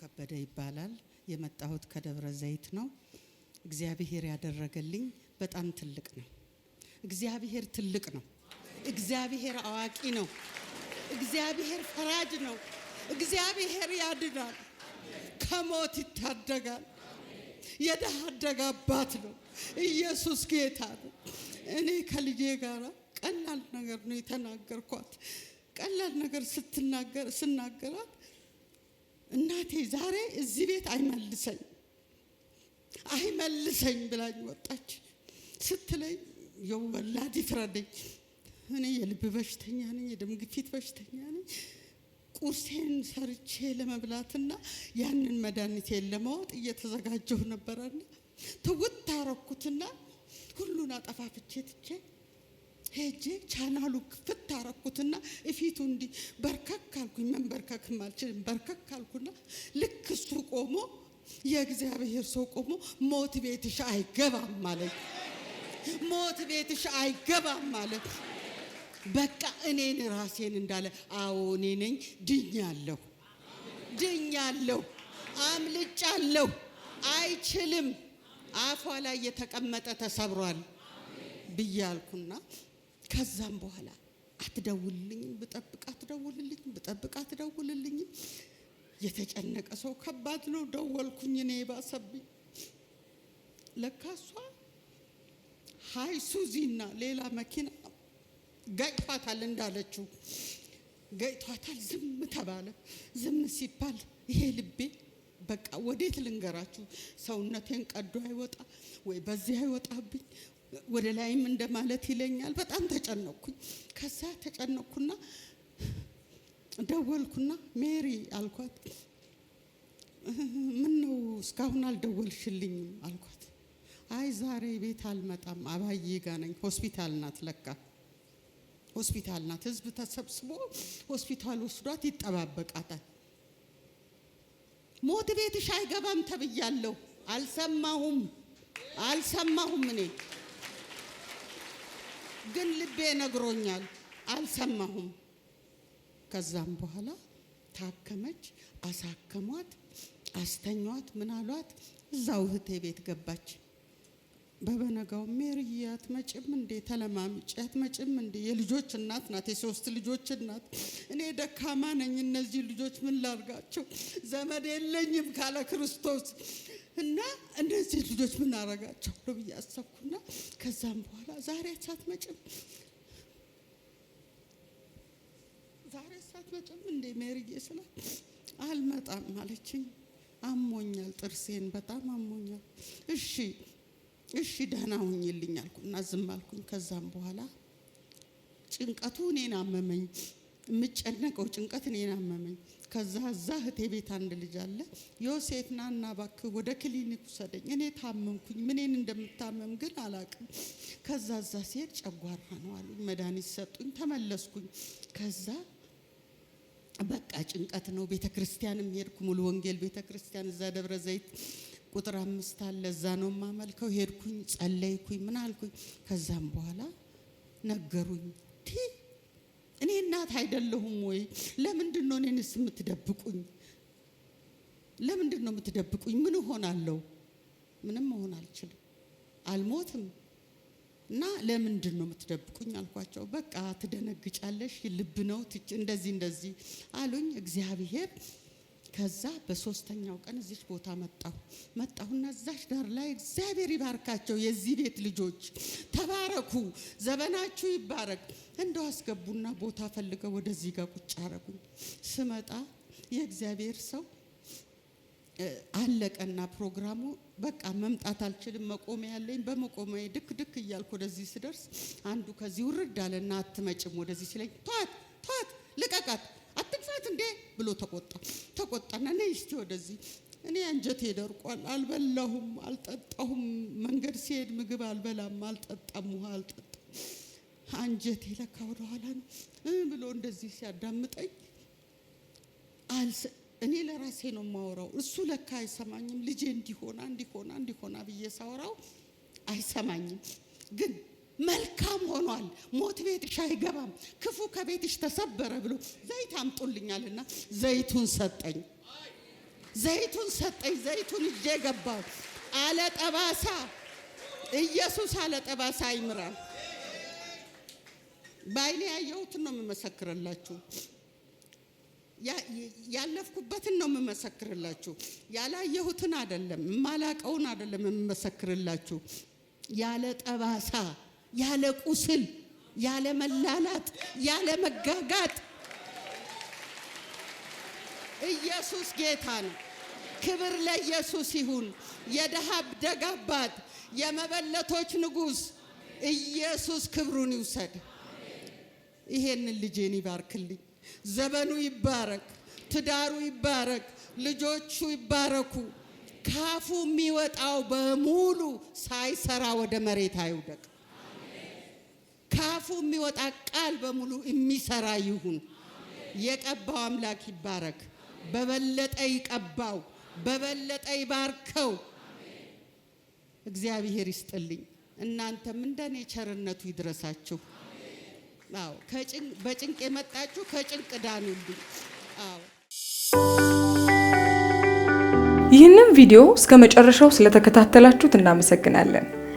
ከበደ ይባላል። የመጣሁት ከደብረ ዘይት ነው። እግዚአብሔር ያደረገልኝ በጣም ትልቅ ነው። እግዚአብሔር ትልቅ ነው። እግዚአብሔር አዋቂ ነው። እግዚአብሔር ፈራጅ ነው። እግዚአብሔር ያድናል፣ ከሞት ይታደጋል። የደሃደጋ አደጋ አባት ነው። ኢየሱስ ጌታ ነው። እኔ ከልጄ ጋር ቀላል ነገር ነው የተናገርኳት። ቀላል ነገር ስትናገር ስናገራት እናቴ ዛሬ እዚህ ቤት አይመልሰኝ አይመልሰኝ ብላኝ ወጣች ስትለኝ የው ወላድ ይፍረደኝ። እኔ የልብ በሽተኛ ነኝ፣ የደም ግፊት በሽተኛ ነኝ። ቁርሴን ሰርቼ ለመብላትና ያንን መድኃኒቴን ለመወጥ እየተዘጋጀሁ ነበረና ትውት ሁሉን አጠፋፍቼ ትቼ ሄጄ ቻናሉ ፍት አረኩትና እፊቱ እንዲህ በርከክ አልኩኝ። መንበርከክ አልችልም። በርከክ አልኩና ልክ እሱ ቆሞ የእግዚአብሔር ሰው ቆሞ ሞት ቤትሽ አይገባም ማለት ሞት ቤትሽ አይገባም ማለት በቃ እኔን ራሴን እንዳለ አዎ እኔ ነኝ። ድኛለሁ፣ ድኛለሁ፣ አምልጫለሁ። አይችልም አፏ ላይ የተቀመጠ ተሰብሯል ብያልኩና ከዛም በኋላ አትደውልልኝም ብጠብቅ አትደውልልኝም ብጠብቅ አትደውልልኝም። የተጨነቀ ሰው ከባድ ነው። ደወልኩኝ እኔ የባሰብኝ ለካ እሷ ሀይ ሱዚና ሌላ መኪና ገጭቷታል እንዳለችው ገጭቷታል። ዝም ተባለ። ዝም ሲባል ይሄ ልቤ በቃ ወዴት ልንገራችሁ፣ ሰውነቴን ቀዶ አይወጣ ወይ በዚህ አይወጣብኝ ወደ ላይም እንደማለት ይለኛል። በጣም ተጨነኩኝ። ከዛ ተጨነኩና ደወልኩና ሜሪ አልኳት። ምን ነው እስካሁን አልደወልሽልኝም? አልኳት። አይ ዛሬ ቤት አልመጣም አባዬ ጋ ነኝ። ሆስፒታል ናት፣ ለካ ሆስፒታል ናት። ህዝብ ተሰብስቦ ሆስፒታል ወስዷት ይጠባበቃታል። ሞት ቤትሽ አይገባም ተብያለሁ። አልሰማሁም አልሰማሁም እኔ ግን ልቤ ነግሮኛል፣ አልሰማሁም። ከዛም በኋላ ታከመች፣ አሳከሟት፣ አስተኟት፣ ምናሏት። እዛው እህቴ ቤት ገባች። በበነጋው ሜሪዬ አትመጭም እንዴ? ተለማምጭ አትመጭም እንዴ? የልጆች እናት ናት፣ የሶስት ልጆች እናት። እኔ ደካማ ነኝ፣ እነዚህ ልጆች ምን ላርጋቸው? ዘመድ የለኝም ካለ ክርስቶስ እና እነዚህ ልጆች ምን አረጋቸው ነው ብዬ አሰብኩና ከዛም በኋላ ዛሬ ሳትመጭም ዛሬ ሳትመጭም እንደ ሜሪዬ ስላት አልመጣም አለችኝ። አሞኛል፣ ጥርሴን በጣም አሞኛል። እሺ እሺ ደህና ሁኝልኝ እና ዝም አልኩኝ። ከዛም በኋላ ጭንቀቱ እኔን አመመኝ። የምጨነቀው ጭንቀት እኔን አመመኝ። ከዛ እዛ እህቴ ቤት አንድ ልጅ አለ ዮሴፍ ና እና እባክህ ወደ ክሊኒክ ውሰደኝ፣ እኔ ታመምኩኝ። ምኔን እንደምታመም ግን አላቅም። ከዛ እዛ ሲሄድ ጨጓራ ነው አሉኝ። መድኃኒት ሰጡኝ፣ ተመለስኩኝ። ከዛ በቃ ጭንቀት ነው። ቤተ ክርስቲያንም ሄድኩ፣ ሙሉ ወንጌል ቤተ ክርስቲያን እዛ ደብረ ዘይት ቁጥር አምስት አለ፣ እዛ ነው የማመልከው። ሄድኩኝ፣ ጸለይኩኝ፣ ምን አልኩኝ። ከዛም በኋላ ነገሩኝ እኔ እናት አይደለሁም ወይ? ለምንድን ነው እኔንስ የምትደብቁኝ? ለምንድን ነው የምትደብቁኝ? ምን እሆናለሁ? ምንም መሆን አልችልም፣ አልሞትም። እና ለምንድን ነው የምትደብቁኝ አልኳቸው። በቃ ትደነግጫለሽ፣ ልብ ነው እንደዚህ እንደዚህ አሉኝ። እግዚአብሔር ከዛ በሶስተኛው ቀን እዚች ቦታ መጣሁ መጣሁና እዛች ዳር ላይ እግዚአብሔር ይባርካቸው የዚህ ቤት ልጆች ተባረኩ፣ ዘበናችሁ ይባረክ። እንደው አስገቡና ቦታ ፈልገው ወደዚህ ጋር ቁጭ አረጉኝ። ስመጣ የእግዚአብሔር ሰው አለቀና ፕሮግራሙ በቃ መምጣት አልችልም፣ መቆሚያ ያለኝ። በመቆሚያ ድክ ድክ እያልኩ ወደዚህ ስደርስ አንዱ ከዚህ ውርድ አለና አትመጭም ወደዚህ ሲለኝ፣ ቷት ቷት ልቀቃት ብሎ ተቆጣ። ተቆጣና ነይ እስቲ ወደዚህ እኔ አንጀቴ ደርቋል፣ አልበላሁም፣ አልጠጣሁም። መንገድ ሲሄድ ምግብ አልበላም፣ አልጠጣም፣ ውሃ አልጠጣም። አንጀቴ ለካ ወደኋላ ነው ብሎ እንደዚህ ሲያዳምጠኝ እኔ ለራሴ ነው የማወራው። እሱ ለካ አይሰማኝም። ልጄ እንዲሆና እንዲሆና እንዲሆና ብዬ ሳወራው አይሰማኝም ግን መልካም ሆኗል፣ ሞት ቤትሽ አይገባም፣ ክፉ ከቤትሽ ተሰበረ ብሎ ዘይት አምጡልኛልና ዘይቱን ሰጠኝ። ዘይቱን ሰጠኝ። ዘይቱን እጄ ገባው። አለጠባሳ ኢየሱስ አለጠባሳ ይምራል። በዓይኔ ያየሁትን ነው የምመሰክርላችሁ። ያለፍኩበትን ነው የምመሰክርላችሁ። ያላየሁትን አይደለም፣ የማላቀውን አይደለም የምመሰክርላችሁ። ያለ ጠባሳ ያለ ቁስል፣ ያለ መላላት፣ ያለ መጋጋጥ። ኢየሱስ ጌታ ነው። ክብር ለኢየሱስ ይሁን። የደሃብ ደግ አባት፣ የመበለቶች ንጉሥ ኢየሱስ ክብሩን ይውሰድ። ይሄንን ልጄን ይባርክልኝ። ዘመኑ ይባረክ፣ ትዳሩ ይባረክ፣ ልጆቹ ይባረኩ። ካፉ የሚወጣው በሙሉ ሳይሰራ ወደ መሬት አይውደቅ። ከአፉ የሚወጣ ቃል በሙሉ የሚሰራ ይሁን። የቀባው አምላክ ይባረክ። በበለጠ ይቀባው፣ በበለጠ ይባርከው። እግዚአብሔር ይስጥልኝ። እናንተም እንደኔ ቸርነቱ ይድረሳችሁ። አዎ በጭንቅ የመጣችሁ ከጭንቅ ዳኑልኝ። አዎ ይህንን ቪዲዮ እስከ መጨረሻው ስለተከታተላችሁት እናመሰግናለን።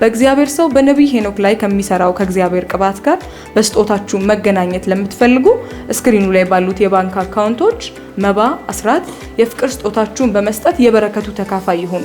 በእግዚአብሔር ሰው በነቢይ ሄኖክ ላይ ከሚሰራው ከእግዚአብሔር ቅባት ጋር በስጦታችሁ መገናኘት ለምትፈልጉ እስክሪኑ ላይ ባሉት የባንክ አካውንቶች መባ፣ አስራት፣ የፍቅር ስጦታችሁን በመስጠት የበረከቱ ተካፋይ ይሆኑ።